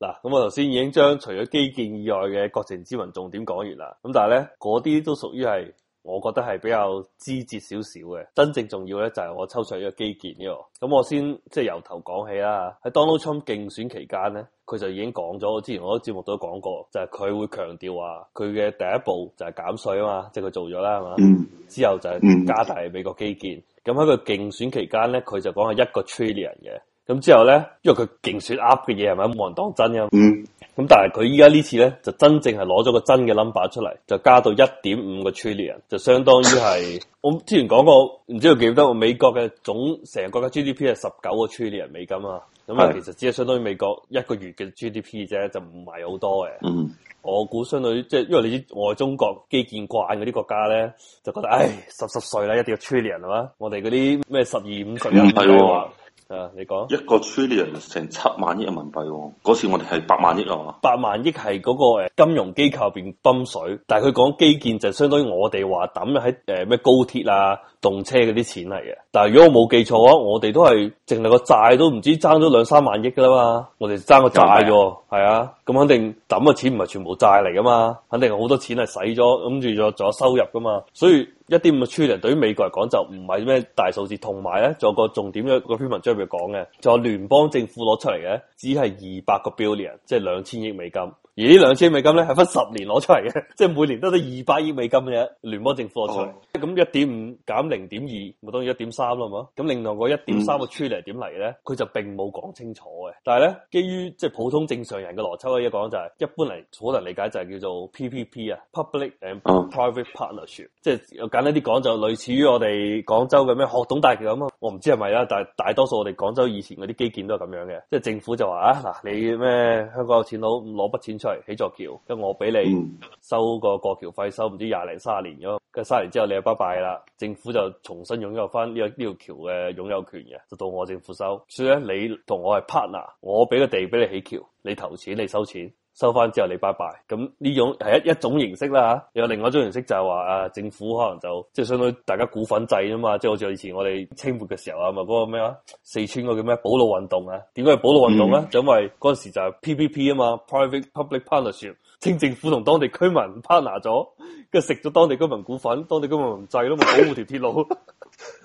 嗱，咁我頭先已經將除咗基建以外嘅國情咨文重點講完啦。咁但係咧，嗰啲都屬於係。我覺得係比較枝節少少嘅，真正重要咧就係我抽取呢個基建呢個。咁我先即係、就是、由頭講起啦。喺 Donald Trump 競選期間咧，佢就已經講咗，我之前好多節目都講過，就係、是、佢會強調話佢嘅第一步就係減稅啊嘛，即係佢做咗啦，係嘛。之後就係加大美國基建。咁喺佢競選期間咧，佢就講係一個 trillion 嘅。咁之後咧，因為佢競選噏嘅嘢，係咪冇人當真嘅。嗯，咁但係佢依家呢次咧，就真正係攞咗個真嘅 number 出嚟，就加到一點五個 trillion，就相當於係 我之前講過，唔知道我記得，美國嘅總成個國嘅 GDP 係十九個 trillion 美金啊。咁啊是，其實只係相當於美國一個月嘅 GDP 啫，就唔係好多嘅。嗯，mm. 我估相對即係，因為你我外中國基建慣嗰啲國家咧，就覺得唉，濕濕碎啦，一定要 trillion 係嘛，我哋嗰啲咩十二五十唔係。啊，你講一個 trillion 成七萬億人民幣，嗰次我哋係八萬億啊嘛，八萬億係嗰個誒金融機構入邊泵水，但係佢講基建就相當於我哋話抌喺誒咩高鐵啊、動車嗰啲錢嚟嘅。但係如果我冇記錯啊，我哋都係淨係個債都唔知爭咗兩三萬億噶啦嘛，我哋爭個債喎，係啊，咁肯定抌嘅錢唔係全部債嚟噶嘛，肯定好多錢係使咗，咁住仲仲有收入噶嘛，所以。一點五個 trillion 對於美國嚟講就唔係咩大數字，同埋咧仲有一個重點咧，一個篇文章入面講嘅，就係聯邦政府攞出嚟嘅，只係二百個 billion，即係兩千億美金。而呢兩千美金咧係分十年攞出嚟嘅、 哦，即係每年都得二百億美金嘅聯邦政府攞出嚟，咁一點五減零點二，咪當於一點三咯，咁另外個一點三個出嚟點嚟嘅咧，佢就並冇講清楚嘅。但係咧，基於即係普通正常人嘅邏輯咧，一講就係、是、一般嚟可能理解就係叫做 PPP 啊，public and private partnership，、哦、即係簡單啲講就類似於我哋廣州嘅咩學懂大橋咁啊，我唔知係咪啦，但係大多數我哋廣州以前嗰啲基建都係咁樣嘅，即係政府就話啊嗱，你咩香港有錢佬攞筆錢。出嚟起座橋，咁我俾你收個過橋費，收唔知廿零三十年咁，跟住三十年之後你又 bye bye 啦，政府就重新擁有翻呢呢條橋嘅擁有權嘅，就到我政府收，所以咧你同我係 partner，我俾個地俾你起橋，你投錢你收錢。收翻之後你拜拜，咁呢種係一一種形式啦吓，有另外一種形式就係話啊，政府可能就即係、就是、相當於大家股份制啊嘛，即、就、係、是、好似以前我哋清末嘅時候啊，嘛，嗰個咩啊，四川嗰個叫咩保路運動啊？點解係保路運動咧？就、嗯、因為嗰陣時就係 P P P 啊嘛，Private Public Partnership，清政府同當地居民 partner 咗，跟住食咗當地居民股份，當地居民唔制咯，咪保護條鐵路。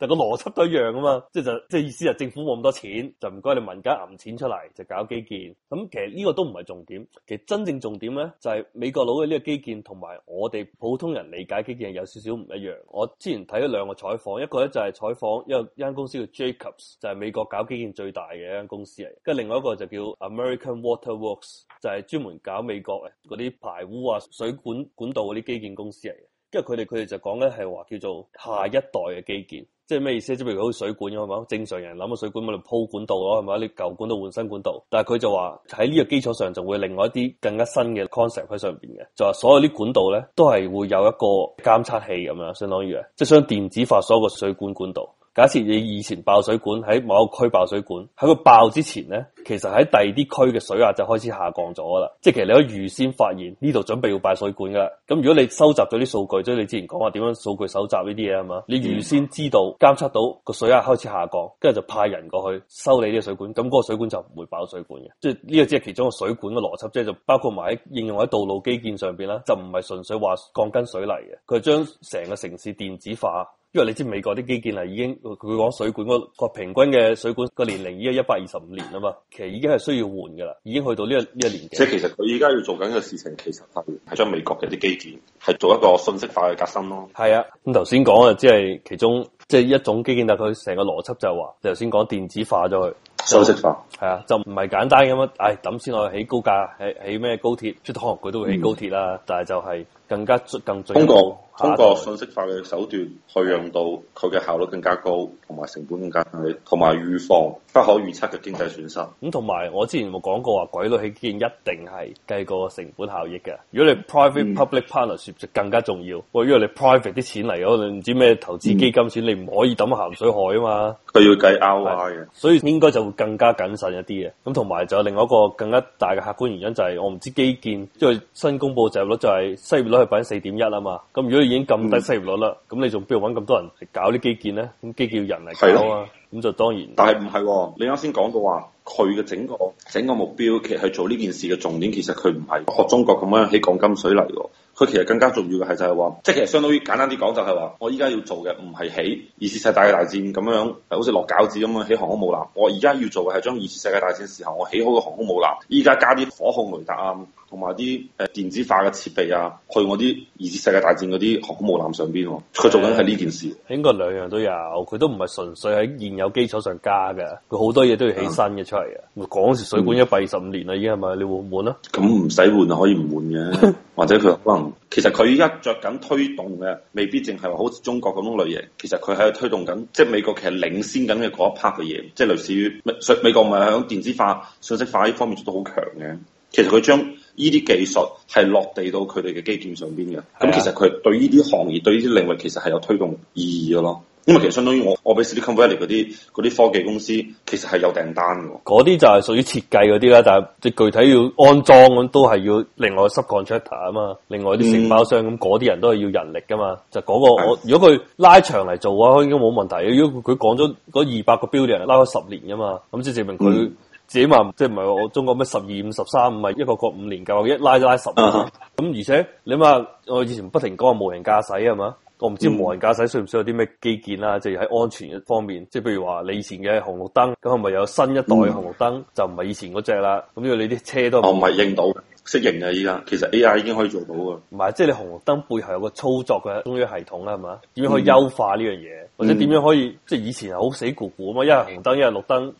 但個邏輯都一樣啊嘛，即係就即、是、係意思就政府冇咁多錢，就唔該你民間揞錢出嚟就搞基建。咁、嗯、其實呢個都唔係重點，其實真正重點咧就係、是、美國佬嘅呢個基建同埋我哋普通人理解基建有少少唔一樣。我之前睇咗兩個採訪，一個咧就係、是、採訪一個一間公司叫 Jacobs，就係美國搞基建最大嘅一間公司嚟。跟住另外一個就叫 American Waterworks，就係專門搞美國嘅嗰啲排污啊、水管管道嗰啲基建公司嚟。跟住佢哋佢哋就講咧係話叫做下一代嘅基建。即係咩意思？即係譬如好似水管咁，係嘛？正常人諗啊，水管喺度鋪管道咯，係嘛？你舊管道換新管道，但係佢就話喺呢個基礎上，仲會有另外一啲更加新嘅 concept 喺上邊嘅，就話所有啲管道咧都係會有一個監測器咁樣，相當於啊，即係將電子化所有個水管管道。假設你以前爆水管喺某個區爆水管，喺佢爆之前咧，其實喺第二啲區嘅水壓就開始下降咗啦，即係其實你可以預先發現呢度準備要爆水管噶啦。咁如果你收集咗啲數據，即係你之前講話點樣數據收集呢啲嘢，係嘛？你預先知道監測到個水壓開始下降，跟住就派人過去修理呢個水管，咁嗰個水管就唔會爆水管嘅。即係呢個只係其中一個水管嘅邏輯，即係就包括埋喺應用喺道路基建上邊啦，就唔係純粹話鋼筋水泥嘅，佢係將成個城市電子化。因為你知美國啲基建啊，已經佢講水管個平均嘅水管個年齡已經一百二十五年啦嘛，其實已經係需要換噶啦，已經去到呢個呢個年紀。即係其實佢依家要做緊嘅事情，其實係係將美國嘅啲基建係做一個信息化嘅革新咯。係啊，咁頭先講啊，即係其中即係一種基建，但係佢成個邏輯就係話，頭先講電子化咗去，信息化係啊，就唔係簡單咁樣，唉，咁先我起高架，起起咩高鐵，出趟學佢都會起高鐵啦，嗯、但係就係更加更。通告。通過信息化嘅手段，去讓到佢嘅效率更加高，同埋成本更加低，同埋預防不可預測嘅經濟損失。咁同埋我之前冇講過話，鬼佬起建一定係計個成本效益嘅。如果你 private-public partnership、嗯、就更加重要，因為你 private 啲錢嚟，可你唔知咩投資基金錢，嗯、你唔可以抌鹹水海啊嘛。佢要計 ROI 嘅，所以應該就會更加謹慎一啲嘅。咁同埋就係另外一個更加大嘅客觀原因，就是，就係我唔知基建，即係新公布就業率就係失業率係百分之四點一啊嘛。咁如果，已經咁低失業率啦，咁、嗯、你仲邊度揾咁多人去搞啲基建咧？咁基建要人嚟搞、啊，咁的就當然。但係唔係喎？你啱先講到話，佢嘅整個整個目標，其實係做呢件事嘅重點。其實佢唔係學中國咁樣起鋼筋水泥喎。佢其實更加重要嘅係就係話，即、就、係、是、其實相當於簡單啲講就係話，我依家要做嘅唔係起二次世界大戰咁樣，好似落餃子咁樣起航空母艦。我而家要做嘅係將二次世界大戰時候我起好嘅航空母艦，依家加啲火控雷達啊。同埋啲誒電子化嘅設備啊，去我啲二次世界大戰嗰啲航空母艦上邊、啊，佢做緊係呢件事。應該兩樣都有，佢都唔係純粹喺現有基礎上加嘅，佢好多嘢都要起身嘅出嚟嘅。我、嗯、講時水管一百二十五年啦，已經係咪？你換唔換啊？咁唔使換啊，可以唔換嘅。 或者佢可能其實佢而家着緊推動嘅，未必淨係話好似中國嗰種類型。其實佢喺度推動緊，即、就、係、是、美國其實領先緊嘅嗰一 part 嘅嘢，即、就、係、是、類似於美國唔係喺電子化、信息化呢方面做得好強嘅。其實佢將呢啲技術係落地到佢哋嘅基建上邊嘅，咁的其實佢對呢啲行業、對呢啲領域其實係有推動意義咯。因為其實相當於我，我俾 s t e v e r 嗰啲啲科技公司其實係有訂單嘅。嗰啲就係屬於設計嗰啲啦，但係即係具體要安裝咁都係要另外 Subcontractor 啊嘛，另外啲承包商咁嗰啲人都係要人力噶嘛。就嗰、是那個的我，如果佢拉長嚟做啊，應該冇問題。如果佢講咗嗰二百個 building 拉咗十年噶嘛，咁即係證明佢。自己話即係唔係我中國咩十二五十三五唔係一個國五年夠一拉就拉十五咁，uh huh. 而且你話我以前不停講話無人駕駛係嘛？我唔知無人駕駛需唔需要啲咩基建啦，即係喺安全方面，即係譬如話你以前嘅紅綠燈，咁係咪有新一代紅綠燈、嗯、就唔係以前嗰隻啦？咁要你啲車都唔係應到。適應啊！依家其實 A I 已經可以做到噶。唔係，即係你紅綠燈背後有個操作嘅中央系統啦，係嘛？點樣可以優化呢樣嘢，嗯、或者點樣可以、嗯、即係以前係好死固固啊嘛？一係紅燈，一係綠燈，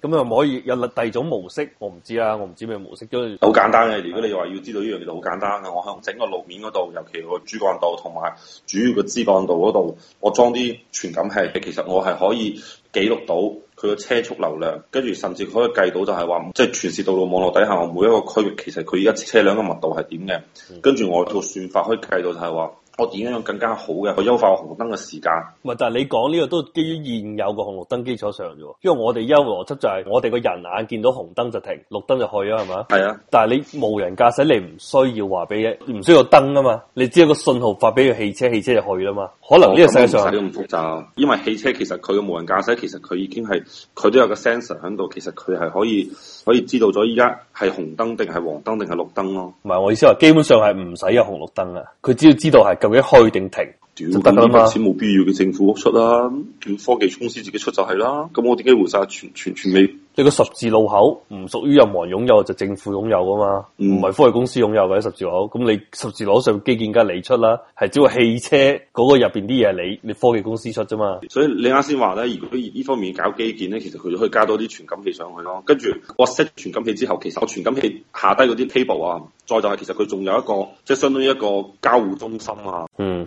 咁又唔可以有第二種模式？我唔知啦，我唔知咩模式。都好簡單嘅，如果你話要知道呢樣嘢，好簡單嘅。我響整個路面嗰度，尤其個主幹道同埋主要個支幹道嗰度，我裝啲傳感器，其實我係可以。記錄到佢嘅車速流量，跟住甚至可以計到就係話，即係全市道路網絡底下，每一個區域其實佢而家車輛嘅密度係點嘅，跟住我做算法可以計到就係話。我點樣用更加好嘅，去優化紅燈嘅時間？唔係，但係你講呢個都基於現有嘅紅綠燈基礎上啫。因為我哋優邏輯就係我哋個人眼見到紅燈就停，綠燈就去啊，係嘛？係啊。但係你無人駕駛，你唔需要話俾嘢，唔需要燈啊嘛。你只有個信號發俾個汽車，汽車就去啊嘛。可能呢個世界上唔使咁複雜，哦、因為汽車其實佢嘅無人駕駛，其實佢已經係佢都有個 sensor 喺度，其實佢係可以。可以知道咗，依家係紅燈定係黃燈定係綠燈咯、啊。唔係，我意思話基本上係唔使有紅綠燈啦。佢只要知道係究竟開定停。就得啦嘛，啲錢冇必要嘅政府屋出啦、啊，叫科技公司自己出就係啦、啊。咁我點解會晒全全全你？呢個十字路口唔屬於任何人擁有，就政府擁有噶嘛，唔係、嗯、科技公司擁有或者十字路口。咁你十字路口上基建，梗係你出啦、啊。係只要汽車嗰個入邊啲嘢，你你科技公司出啫嘛。所以你啱先話咧，如果呢方面搞基建咧，其實佢可以加多啲傳感器上去咯。跟住我 set 傳感器之後，其實我傳感器下低嗰啲 table 啊，再就係其實佢仲有一個，即係相當於一個交互中心啊。嗯。